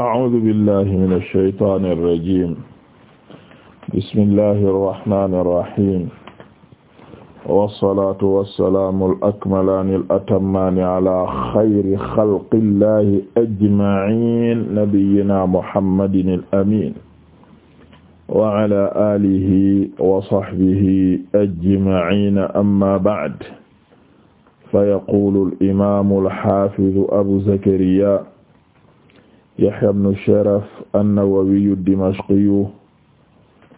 أعوذ بالله من الشيطان الرجيم بسم الله الرحمن الرحيم والصلاة والسلام الأكملان الأتمان على خير خلق الله أجمعين نبينا محمد الأمين وعلى آله وصحبه أجمعين أما بعد فيقول الإمام الحافظ أبو زكريا يحيى بن شرف النووي الدمشقي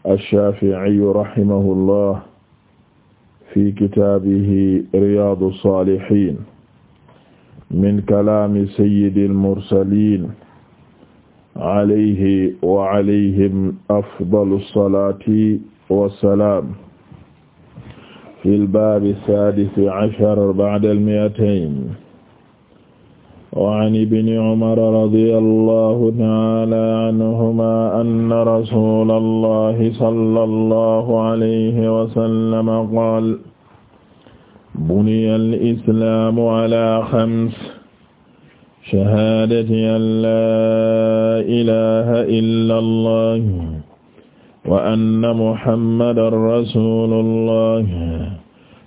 الشافعي رحمه الله في كتابه رياض الصالحين من كلام سيد المرسلين عليه وعليهم أفضل الصلاة والسلام في الباب السادس عشر بعد المئتين وعن ابن عمر رضي الله تعالى عنهما أن رسول الله صلى الله عليه وسلم قال بني الإسلام على خمس شهادة أن لا إله إلا الله وأن محمدا رسول الله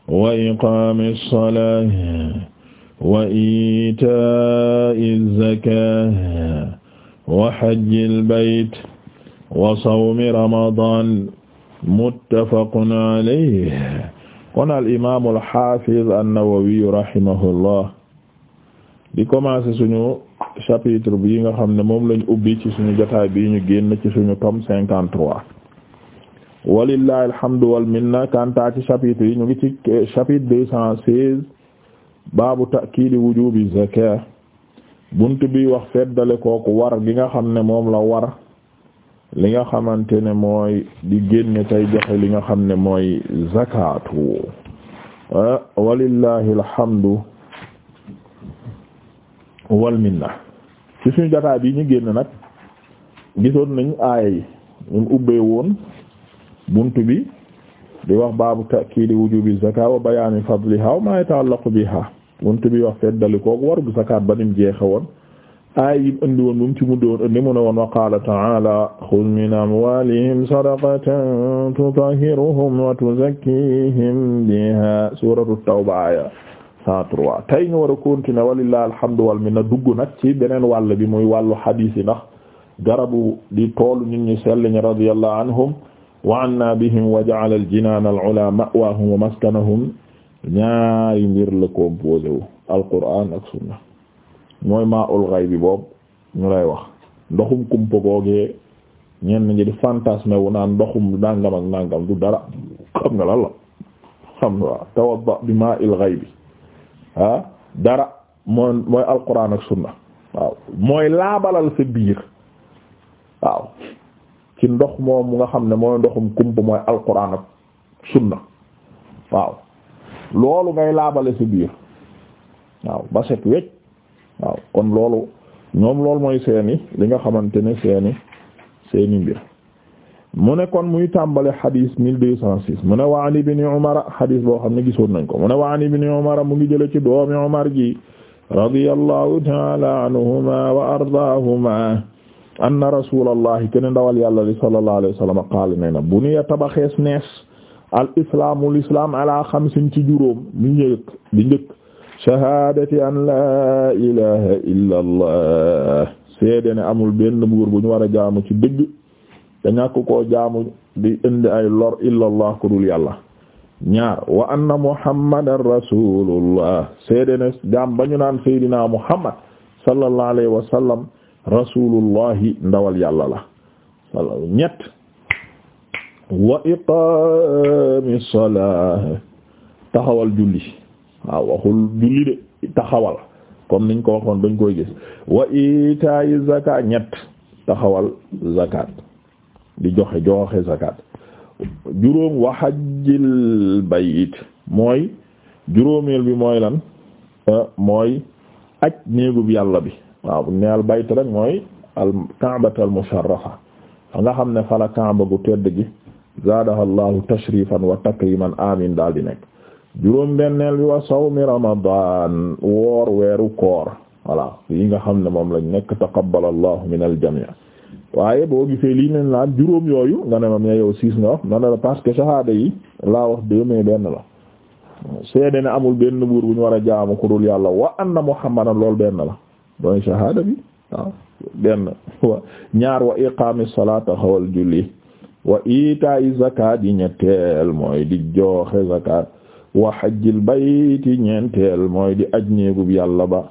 وإقام الصلاة wa itaa'i zakaah wa hajjil bayt wa sawmi ramadan muttafaqun alayhi kon al imaamu al haafiz an-Nawawi rahimahullah di commencer suñu chapitre nga xam ne moom lañ ubbi ci suñu jotaay bii ñu génn ci suñu tome cinquante trois walillahi alhamdu wal minna kanta ci chapitre yi ñu ngi ci chapitre deux cent seize baabu ta'kiidi wujuubi zakaa bunt bi wax feddale kooku war gi nga xam ne moom la war li nga xamante ne mooy di génne tay joxe li nga xam ne mooy zakaatu walillahi alhamdu wal minna ci suñu jotaay bi ñu génn nag gisoon nañ aaya yi ñu ubbee woon bunt bi di wax baabu ta'kiidi wujuubi zakaa wa bayaani fadlihaa wa maa yata'allaqu bihaa buntu bi wax feddali koog warudu zakaat ba nim jeexe woon aay yim indi woon mu ci mu doon indi mu ne woon wa qaala ta'aala xuz min amwaalihim sadaqatan tutahhiruhum wa tuzakkiihim bihaa suuratu tawba aaya 103 tey ñu war a continuer walillaahi alhamdu wal minna dugg nag ci beneen wàll bi muy wàllu hadiis yi ndax garabu di toolu nit ñi sell ñi radiyallaahu anhum wa annaa bihim wa ja'ala al-jinaana al-'ulaa ma'waahum wa maskanahum ñaari mbir la composé wu alquran ak sunna mooy maa ul gay bi boobu ñu lay wax ndoxum kumpa googee ñenn ñi di fantasme wu naan ndoxum nangam ak nangam du dara xam nga lan la xam nga tawadda bi maa il gay dara mooy mooy alquran ak sunna waaw mooy laabalal sa biir waaw ci ndox moom nga xam ne mooy ndoxum kumpa mooy alquran ak sunna waaw loolu ngay laabale sa biir waaw ba wecc waaw kon loolu ñoom loolu mooy seeni li nga xamante ne seeni seeni mbir mu ne kon muy tàmbale xadis mille deux cent six mu ne waan ibni umara boo xam ne gisoon nañ ko ne waan ibni umara mu ngi jële ci doomi umar ji radiyallahu taala anhuma wa ardaahuma anna rasulallahi ken ndawal yàlla li sallallahu alayhi wa sallam qaala tabaxees nees al islaamu l islam ala ci juróom bi njëkk bi njëkk shahaadati an laa ilaha seede ne amul benn buur bu ñu war a jaamu ci dëgg te ñàkk koo jaamu indi ay lor illa ku dul yàlla ñaar wa anna muhammadan rasulullah seede ne jaam ba naan seydina muhammad sallallahu alayhi wa sallam ndawal yàlla la wa iqaami salaa taxawal julli waaw waxul julli de taxawal comme niñ ko waxoon dañ koy gis wa itaayi zakat ñett taxawal zakat di joxe joxe zakat juróom wa hajjil bayit mooy juróomeel bi mooy lan eh, mooy aj néegub yàlla bi waaw bu ne al bayt rek mooy al ka'batal fa nga xam ne fala kaaba gu tedd gi zaadaha allahu tashrifan wa takriman amin daal di nekk juróom benneel bi wa sawmi ramadan woor weeru koor voilà yi nga xam ne moom lañ nekk taqabbala allahu min al jami' waaye boo gisee lii nen laan juróom yooyu nga ne ma mais siis nga wax na la parce que shahada yi laa wax deux mais la seede ne amul benn buur bu ñu war a jaamu ku yàlla wa anna muhammadan loolu benn la mooy shahada bi waaw benn ñaar wa iqaami salaata xawal julli wa itaa'i zakat yi ñetteel mooy di joxe zakat wa hajjil bayti ñeenteel mooy di aj néegub ba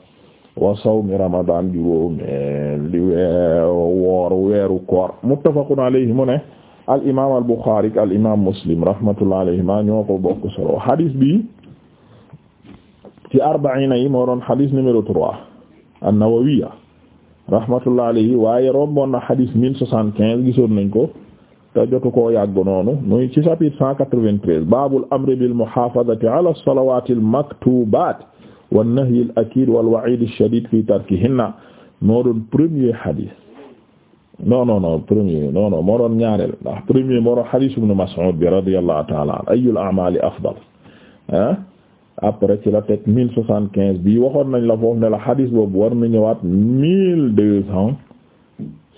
wa sawmi ramadan juróomeel di weer woor weeru koor muttafaqun alayhi mu ne al imam al bukhari al imam muslim rahmatullah alayhima ñoo ko bokk solo hadis bi ci arbaina yi moo doon hadis numéro trois an-nawawiyya rahmatullah alayhi waaye romboon na hadis mille soixante quinze gisoon nañ ko te jotu koo yàgg noonu muy ci chapitre 193 baabul amri bil muhaafazati ala salawaatil maktubaat wan nahyil wa wal wa'iidil shadiid fi tarkihinna moo doon premier hadith non non non premier non non moo doon ñaareel ndax premier moo doon hadith ibn Mas'ud bi radiyallahu ta'ala an ayyul a'maali afdal ah après ci la teg 1075 bii waxoon nañ la foofu ne la hadith boobu war na ñëwaat 1200.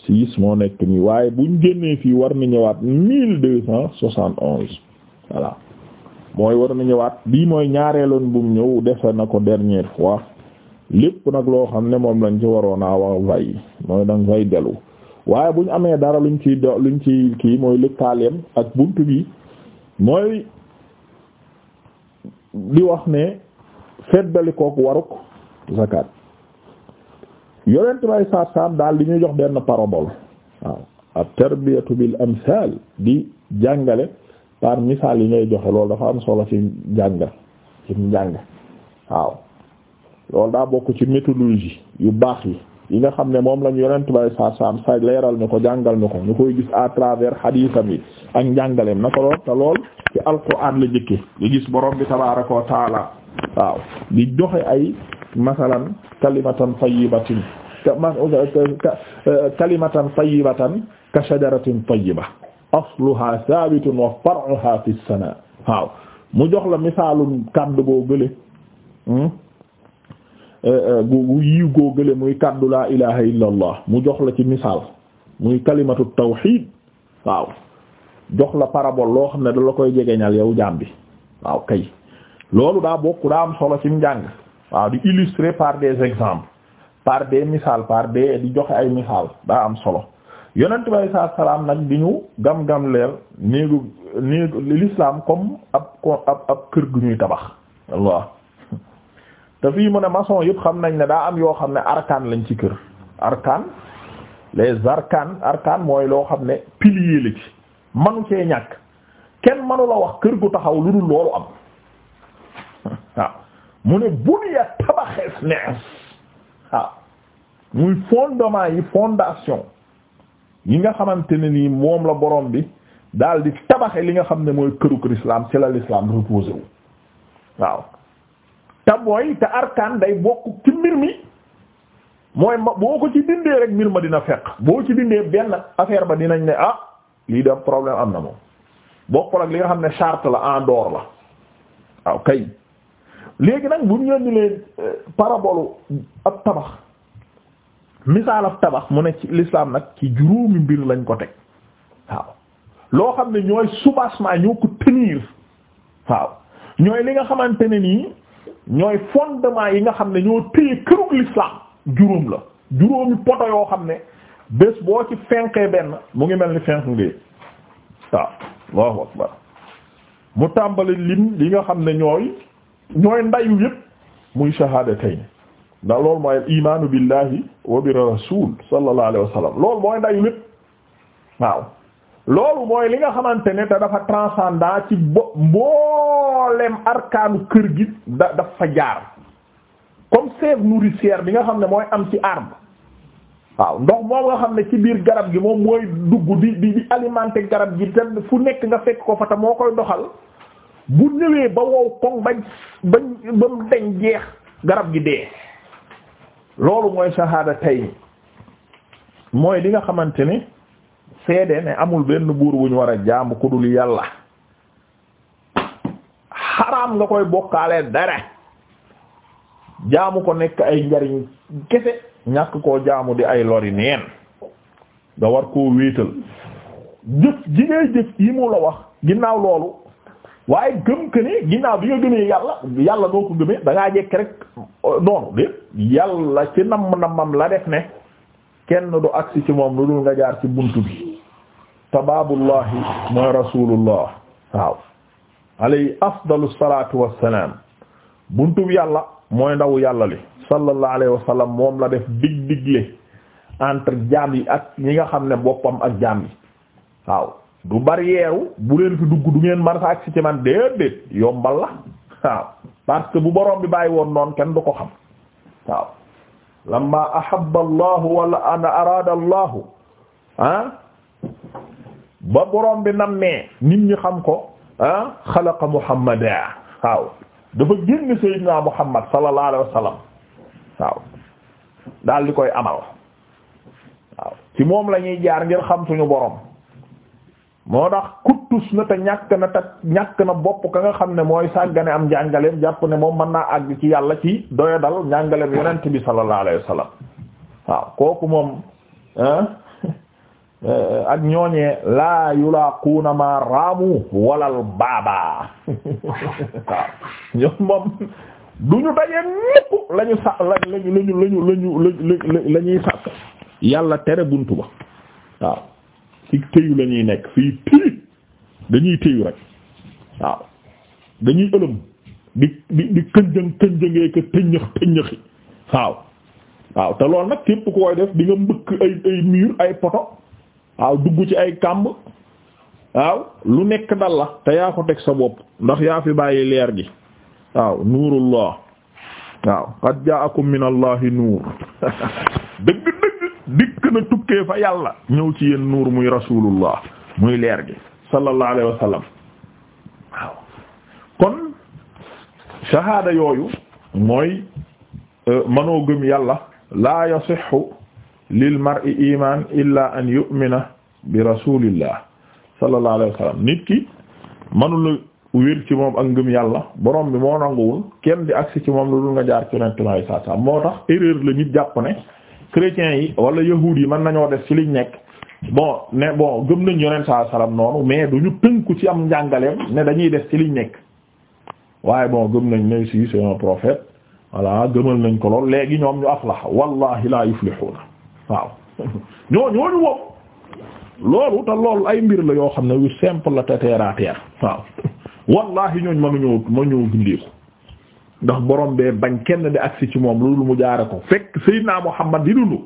six moo nekk nii waaye buñ génnee fii war na ñëwaat mille deux cent mooy war na ñëwaat bii mooy ñaareeloon bu ñëw defe na ko dernière fois lépp nag loo xam ne moom lañ ci waroon a wax vay mooy dang fay dellu waaye buñ amee dara luñ ci luñ ci kii mooy lëkkaaleem ak bunt bi mooy di wax ne feddali kook waruk zakat yonent bay saat saam daal li ñuy jox benn parabole waaw ab tarbiyatu bil amsal di jàngale par misaal yi ngay joxe lool dafa am solo ci njàng ci njàng waaw loolu daa bokk ci méthodologie yu baax yi yi nga xam ne moom lañu yonent bay saat saam sa leeral ñu ko jàngal ñu ko ñu koy gis à travers xadiisam yi ak njàngaleem na ko lool te lool ci alquran la jëkke li gis boroom bi tabaaraka wa taala waaw di joxe ay masalan kalimatan tayyibatin kalimatan tayyibatan ka shajaratin tayyiba asluha thabitun wa far'uha fi as waaw mu jox la misaalum kàddu goo gële hmm? eh, eh, gu yiw goo gële muy kàddu laa ilaha illa allah mu jox la ci misaal muy kalimatu tawxiid waaw jox la parabole loo xam ne da la koy jegeñal yow jaam bi waaw kay loolu daa bokk daa am solo ci njàng waaw di illustrer par des exemples par des misaal par des di joxe ay misaal daa am solo yonent bi alay salaatu salaam nag di ñu gam-gam leer néegu néegu l'islam comme ab ab ab kër gu ñuy tabax waaw te fii mu ne maçon yépp xam nañ ne daa am yoo xam ne arkaan lañ ci kër arkaan les arkaan arkaan mooy loo xam ne pilier la ci manu cee ñàkk kenn manu wax kër gu taxaw lu dul loolu am waaw mu ne buniya tabaxees nees waaw muy fondement yi fondation yi nga xamante ne nii moom la boroom bi daal di tabaxe li nga xam ne mooy këruk l'islam ci la l'islam reposé wu waaw te te arkaan day bokk ci mbir mi mooy ma boo ko ci dindee rek mbir ma dina fekk boo ci dindee benn affaire ba dinañ ne ah lii da problème am na moom bokkul ak li nga xam ne charte la en dehors la waaw kay léegi nag bu ñu leen di euh, leen parabolu ab tabax misaal ab tabax mu ne ci l'islam nag ci juróomi mbir lañ ko teg waaw loo xam ne ñooy soubassement ñoo ko tenir waaw ñooy li nga xamante ne nii ñooy fondement yi nga xam ne ñoo téye kërug l'islam juróom la juróomi poto yoo xam ne bés boo ci fenqee benn mu ngi mel ni fenq ngee waaw Allahu akbar mu tàmbali lim li nga xam ne ñooy ñooy ndayu yëpp muy shahaadatayn ndax loolu mooy imaanu billahi wa bi rasul sallallahu alayhi loolu mooy ndayu lépp waaw loolu mooy li nga xamante ne te dafa transcendant ci bo mboolem arkaanu kër gi da dafa jaar comme sève nourricière bi nga xam ne mooy am ci arbre waaw ndox moom nga xam ne ci biir garab gi moom mooy dugg di di di garab gi te fu nekk nga fekk ko fa te moo koy doxal bu ñëwee ba wow koŋ bañ ba mu deñ jeex garab gi dee loolu mooy sahaada tey mooy li nga xamante ne seede ne amul benn buur bu ñu war a jaamu ku dul yàlla xaraam nga koy bokkaalee dara jaamu ko nekk ay njariñ kese ñàkk koo jaamu di ay lori neen nga war koo wéetal jëf ji ngay jëf yi mu la wax ginnaaw loolu waaye gëm que ne ginnaaw bi nga gëmee yàlla yàlla doo ko gëmee da ngaa jekk rek euh, noonu de yàlla ci namm-namam la def ne kenn du agsi ci moom lu dul nga jaar ci bunt bi tabaabullahi mooy rasulullah waaw alayhi afdalu salatu wassalam buntu yàlla mooy ndaw yàlla li sallallahu alayhi wa moom la def dig digle entre jaam yi ak ñi nga xam ne boppam ak jaam yi waaw du barrière bu leen fi dugg du ngeen man sa agsi ci man déedéet yombal la waaw parce que bu borom bi bàyyi woon noonu kenn du ko xam waaw lamma ahabba allahu wala ana araada allahu ah ba borom bi nammee nit ñi xam ko ah xalaqa waaw dafa génn sayyidina muhammad sallallahu alayhi waaw daal di koy amal waaw ci moom la ñuy jaar ngir xam suñu boroom moo tax kuttus na te ñàkk na te ñàkk na bopp ka nga xam ne mooy sàggane am njàngaleem jàpp ne moom mën naa àgg ci yàlla ci doya dal njàngaleem yonent bi sallallahu alayhi wasallam waaw kooku moom ak ñooñee laa yulaaquuna ma raamu walal baabaa waaw ñoom moom du ñu dajee népp lañu sa lañu lañu lañu lañu lañuy sàkk yàlla tere buntu ba waaw ci tëyu la nekk fii tëyu dañuy tëyu rek waaw dañuy ëlëm di di di kënjëng kënjëngee ko tëñëx tëñëxi waaw waaw te loolu nag képp ku def di nga mbëkk ay ay mur ay poto waaw dugg ci ay kàmb waaw lu nekk dal la te yaa ko teg sa bopp ndax yaa fi bàyyi leer gi waaw nuurullah waaw qad ja'akum min allahi nuur dëgg dëgg dikk na tukkee fa yàlla ñëw ci yéen nuur muy rasulullah muy leer gi sallallahu alayhi wa sallam kon shahada yooyu mooy euh, manoo gëm yàlla la yasihhu lil mar'i iman illa an yu'mina bi rasulillah sallallahu alayhi wa nit ki manula wér ci moom ak ngëm yàlla borom bi moo nanguwul kenn di agsi ci moom lu dul nga jaar ci yonent may saa saa moo tax erreur la nit jàpp ne chrétiens yi wala yahuud yi mën nañoo def ci liñ nekk bon ne bon gëm nañ yonent saa salaam noonu mais du ñu tënku ci am njàngaleem ne dañuy def ci liñ nekk waaye bon gëm nañ ne si c'est un prophète voilà gëmal nañ ko lool léegi ñoom ñu aflah wallahi la yuflihuna waaw ñoo ñooñu moom loolu te loolu ay mbir la yoo xam ne yu simple la te terre à terre waaw wallahi ñooñu mënuñoo mënuñoo gindeeku ndax borom bee bañ kenn di agsi ci moom loolu mu jaare ko fekk sayyidina Muhammad di dundu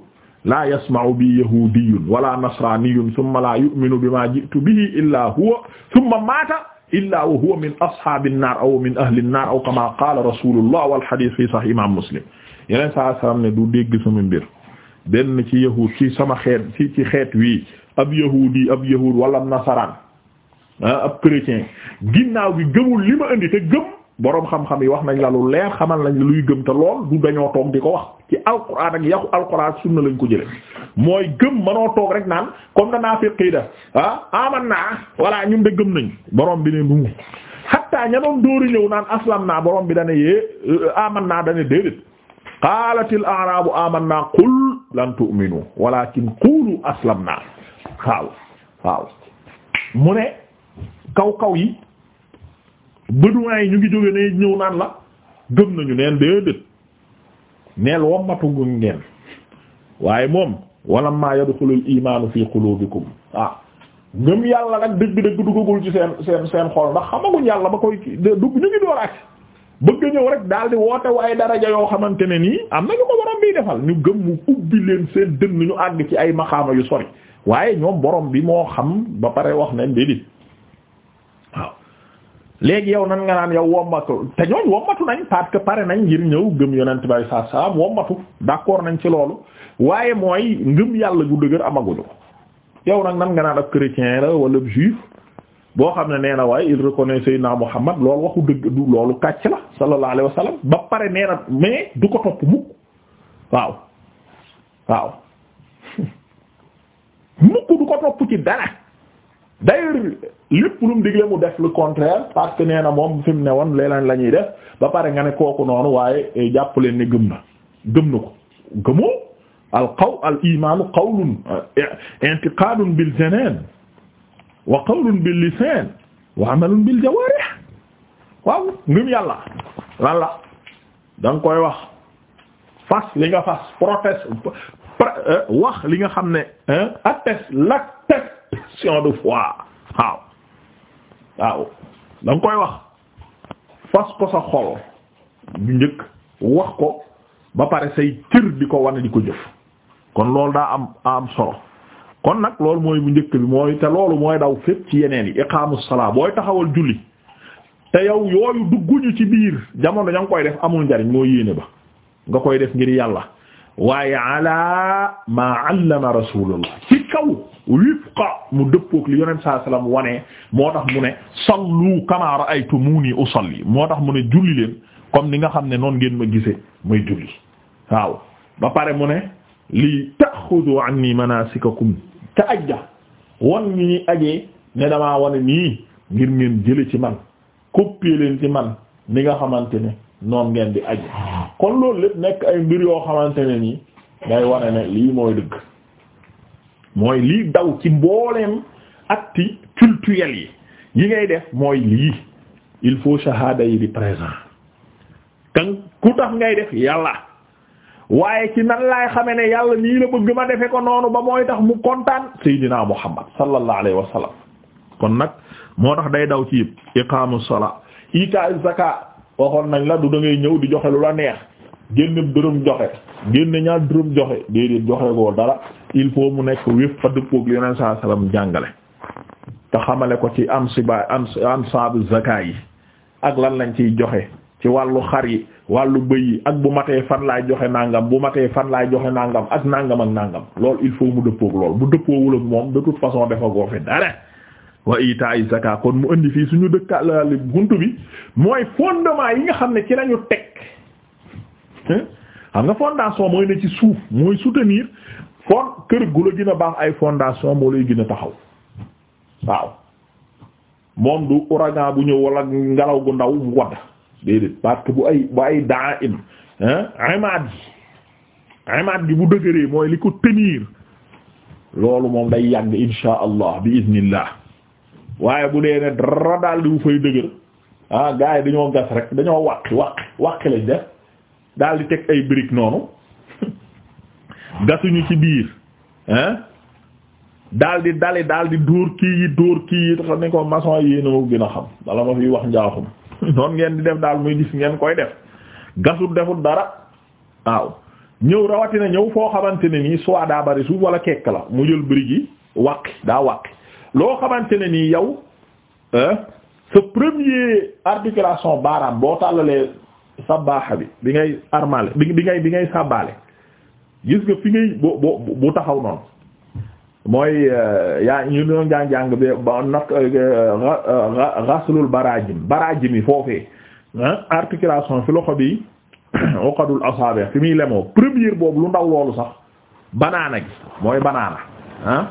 laa yasma'u bi yahudiyyun wala nasraniyun thumma laa yu'minu bima ji'tu bihi illa huwa thumma maata illa wa huwa min ashabin nar aw min ahlin nar aw kama qala rasulullah wal hadith fi sahih imam muslim yeneen saa salaam ne du dégg sama mbir benn ci yahud ci sama xeet ci ci xeet wi ab yahudi ab yahud wala nasaraan ah, ab chrétien ginnaaw bi gëmul li ma indi te gëm boroom xam-xam yi wax nañ la lu leer xamal nañ luy gëm te lool du dañoo toog di ko wax ci alquran ak yàqu alquran sunna lañ ko jële mooy gëm manoo toog rek naan comme na naafiqi da ah aman naa voilà ñun de gëm nañ boroom bi ne nu hatta ña doon dóori naan aslam naa borom bi dane yee euh, aman naa dane déedéet qaalatil a'raabu aman naa qul lan tu'minu walakin qulu aslam naa waaw waaw mu ne kaw kaw yi béduwaay yi ñu ngi jóge ne ñëw naan la gëm nañu neen déedéet neel wommatu gu ngeen waaye moom wala maa yadxulul imaanu fi qulubikum ah ngëm yàlla nag dëgg-dëgg duggagul ci seen seen seen xol ndax xamaguñ yàlla ba koy dugg ñu ngi door ak bëgg ñëw rek daal di woote waaye daraja yoo xamante ne nii am na ñu ko borom bi defal ñu gëm mu ubbi leen seen dënn ñu àgg ci ay maxaama yu sori waaye ñoom borom bi moo xam ba pare wax ne déedéet léegi yow nan nga naan yow wommatu te ñooñ wommatu nañ parce que pare nañ ngir ñëw gëm yonent bay saa salaam wommatu d'accord nañ ci loolu waaye mooy ngëm yàlla gu dëgër amaguñu yow nag nan nga naan ab chrétien la wala juif boo xam ne nee na waaye il reconnaît Seydina Muhammad loolu waxu dëgg du loolu kàcc la sallallahu alayhi wa sallam ba pare nee mais du ko topp mukk waaw waaw mukk du ko topp ci dara d'ailleurs lépp lu mu digle mu def lu contraire parce que nee moom fi mu ne woon leneen la ñuy def ba pare nga ne kooku noonu waaye eh, jàpp leen ne gëm na gëm na ko gëmoo al qaw al imaanu qawlun eh, i'tiqaadun bil janaan wa qawlun bil lisaan wa amalun bil jawaarih waaw ngëm yàlla lan la da koy wax fas li nga fas proteste eh, wax li nga xam ne atteste l'acte question de foi waaw waaw da koy wax fas ko sa xol bu njëkk wax ko ba pare say cër di ko wane di ko jëf kon loolu daa am am solo kon nag loolu mooy bu njëkk bi mooy te loolu mooy daw fépp ci yeneen yi iqaamu salaa booy taxawal julli te yow yooyu dugguñu ci biir jamono ña ngi koy def amul njariñ moo yéene ba nga koy def ngir yàlla waaye ala ma allama rasulullah ci kaw wifqa mu dëppook li yonent saa sallam wane moo tax mu ne sallu kama ra'aytumuni usalli moo tax mu ne julli leen comme ni nga xam ne noonu ngeen ma gisee mooy julli waaw ba pare mu ne li nii anni manasikakum te ajja wan ñi ñuy ajee ne damaa wane nii ngir ngeen jële ci man copier leen ci man ni nga xamante ne noon ngeen di aje kon loolu lépp nekk ay mbir yoo xamante ne nii day wane ne lii mooy dëgg mooy lii daw ci mbooleem actes culturels yi yi ngay def mooy lii il faut shahada yi di présent kan ku tax ngay def yàlla waaye ci nan laay xame ne yàlla nii la bëgg ma defe ko noonu ba mooy tax mu kontaan seydina muhammad sallallahu alayhi wa sallam kon nag moo tax day daw ci yëpp iqaamu salaa itaa zakaa waxoon nañ la du da ñëw di joxe lu la neex génn dërëm joxe génn ñaar dërëm joxe déedéet joxe goo dara il faut mu nekk wépp fa dëppook yeneen saa salaam jàngale te xamale ko ci am si ba am am saabu zakat yi ak lan lañ ciy joxe ci wàllu xar yi wàllu bëy yi ak bu matee fan laay joxe nangam bu matee fan laay joxe nangam ak nangam ak nangam loolu il faut mu dëppook lool bu dëppoowul ak moom de toute façon dafa goo fi dara wa itaay zakat kon mu indi fii suñu dëkkaale buntu bi mooy fondement yi xam nga fondation mooy ne ci suuf mooy soutenir fond kër gu la gën a baax ay fondation moo lay gën a taxaw waaw moom du ouragan bu ñëw wala ngelaw gu ndaw bu wadd déedéet parce que bu ay bu ay daa im imaad gi imaad gi bu dëgëree mooy li ko tenir loolu moom day yàgg insha allah bi iznillah waaye bu dee ne dara daal di bu fay dëgër ah yi dañoo gas rek dañoo wàqi wàqi wàqi lañ def daal di teg ay briques noonu gasuñu ci biir hein daal di dale daal di dóor kii yi dóor kii yi tax ne ko maçon yi nu gën a xam bala ma fiy wax njaaxum noonu ngeen di def daal muy gis ngeen koy def gasut defut dara waaw ñëw rawatina ñëw foo xamante ne nii soit daa bari suuf wala kekk la mu jël briques yi wàqi daa wàqi loo xamante ne nii yow sa premier articulation baaraam boo tàllalee sabbaaxa bi bi ngay armale ngay bi gis nga fi ngay bu taxaw noonu mooy euh, yaa ñu doon jàng jàng bi ba euh, barajim barajim yi articulation fi loxo bi uqadul asabi' fi muy lemoo première boobu lu ndaw loolu sax banaana gi mooy banaana ah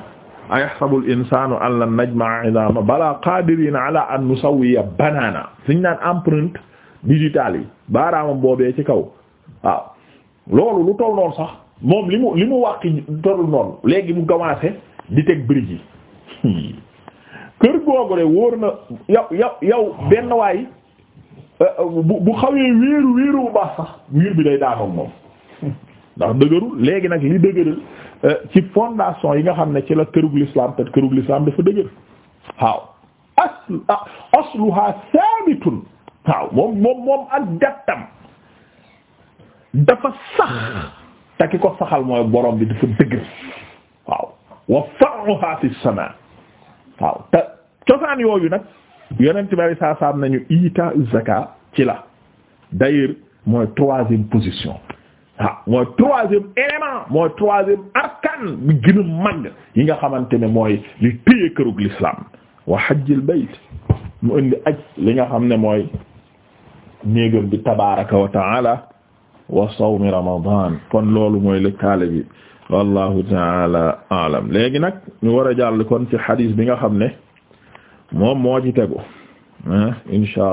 ayahsabul insanu an lan 'idama bala qadirina ala an nusawwiya banaana suñ naan empreinte digital yi baaraamam boobee ci kaw waaw loolu lu toll noonu sax moom li mu li mu wàqi toll noonu léegi mu commencé di teg brique yi kër googu de wóor na yow yow yow benn waay euh, bu bu xawee wéeru wéeru bu baax sax miir bi day daanoo moom ndax dëgërul léegi nag li dëgëral euh, ci fondation yi nga xam ne ci la kërug l'islam te kërug l'islam dafa dëgër waaw asl ah, asluha sabitun waaw moom moom moom ak jattam dafa sax te ki ko saxal mooy borom bi dafa dëgër waaw wa far'uha fi sama waaw te cosaan yooyu nag yonent bari saa saam nañu ita zaka ci la d'ailleurs mooy troisième position waaw mooy troisième élément mooy troisième arkan bi gën mag yi nga xamante ne mooy li téye kërug l'islam wa hajjil bayt mu indi aj li nga xam ne mooy néegam bi tabaraka wa taala wa sawmi ramadan kon loolu mooy lëkkaale bi wallahu taala alam léegi nag ñu war a jàll kon ci xadiis bi nga xam ne moom moo ci tegu ah insha Allah